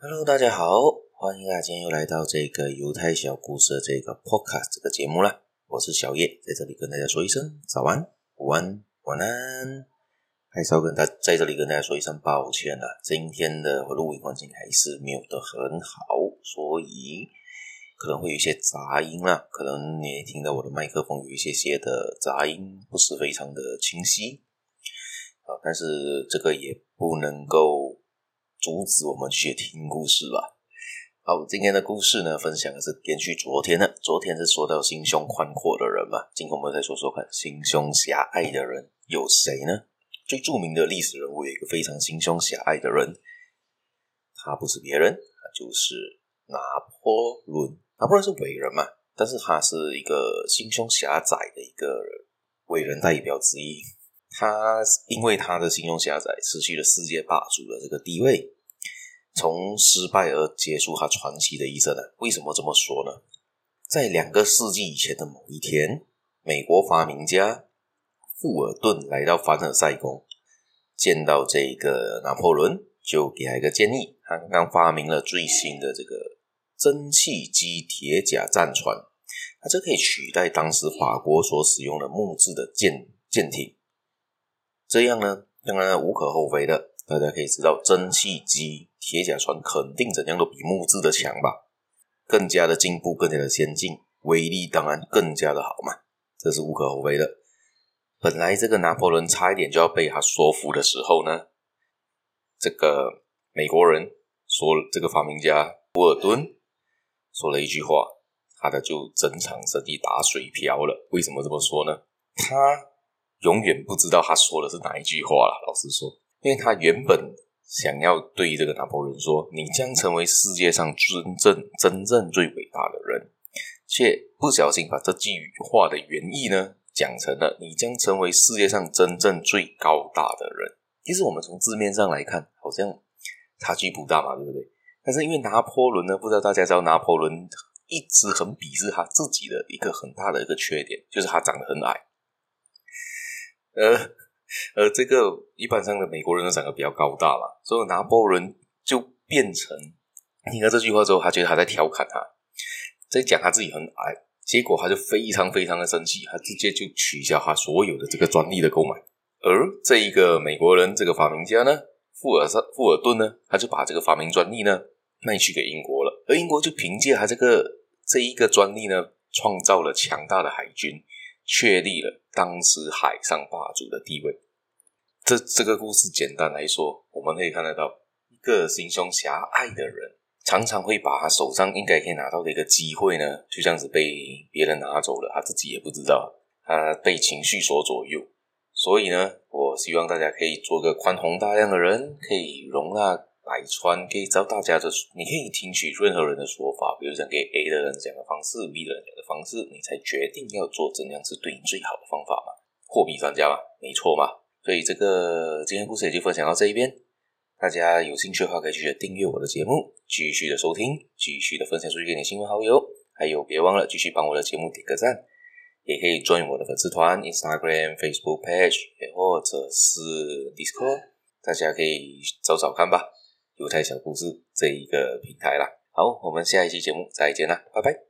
Hello，大家好，歡迎大家今天又來到這個猶太小故事的這個 Podcast 這個節目啦，我是小葉，在這裡跟大家說一聲早安、午安、晚安。還是要跟大在這裡跟大家說一聲抱歉啊，今天的我的錄音環境還是沒有的很好，所以可能會有一些雜音啦，可能你聽到我的麥克風有一些些的雜音，不是非常的清晰。好，但是這個也不能夠。阻止我們去聽故事吧。好，今天的故事呢，分享的是延續昨天的。昨天是說到心胸寬闊的人嘛，今天我們再說說看，心胸狹隘的人有誰呢？最著名的歷史人物，有一個非常心胸狹隘的人，他不是別人，他就是拿破崙。拿破崙是偉人嘛，但是他是一個心胸狹窄的一個偉人代表之一。他因為他的心胸狹窄，失去了世界霸主的這個地位。從失敗而結束他傳奇的一生呢，為什麼這麼說呢？在兩個世紀以前的某一天，美國發明家富爾頓來到凡爾賽宮，見到這個拿破崙，就給他一個建議：他剛剛發明了最新的這個蒸汽機鐵甲戰船，它就可以取代當時法國所使用的木質的艦艦艇，這樣呢，當然無可厚非的。大家可以知道，蒸汽機、鐵甲船肯定怎樣都比木質的強吧？更加的進步，更加的先進，威力當然更加的好嘛，這是無可厚非的。本來這個拿破崙差一點就要被他說服的時候呢，這個美國人說，這個發明家富爾頓說了一句話，他的就整場生意打水漂了。為什麼這麼說呢？他永遠不知道他說的是哪一句話了。老實說。因為他原本想要對這個拿破崙說：“你將成為世界上真正真正最偉大的人”，卻不小心把這句話的原意呢講成了“你將成為世界上真正最高大的人”。其實我們從字面上來看，好像差距不大嘛，對不對？但是因為拿破崙呢，不知道大家知道，拿破崙一直很鄙視他自己的一個很大的一個缺點，就是他長得很矮。呃。而這個一般上的美國人都長得比較高大了，所以拿破崙就變成，聽到這句話之後，他覺得他在調侃他，在講他自己很矮，結果他就非常非常的生氣，他直接就取消他所有的這個專利的購買。而這一個美國人這個發明家呢，富爾薩富爾頓呢，他就把這個發明專利呢賣去給英國了，而英國就憑借他這個這一個專利呢，創造了強大的海軍。確立了當時海上霸主的地位。這這個故事簡單來說，我們可以看得到，一個心胸狹隘的人，常常會把他手上應該可以拿到的一個機會呢，就這樣子被別人拿走了，他自己也不知道，他被情緒所左右。所以呢，我希望大家可以做個寬宏大量的人，可以容納。來穿可以找大家的，你可以聽取任何人的說法，比如講給 A 的人講的方式，B 的人講的方式，你才決定要做怎樣是對你最好的方法嘛。貨幣專家嘛，沒錯嘛。所以這個今天故事也就分享到這一邊。大家有興趣的話，可以繼續訂閱我的節目，繼續的收聽，繼續的分享出去給你親朋好友。還有別忘了繼續幫我的節目點個讚，也可以 join 我的粉絲團，Instagram、Facebook Page 也或者是 Discord，大家可以找找看吧。猶太小故事這一個平台啦，好，我們下一期節目再見啦，拜拜。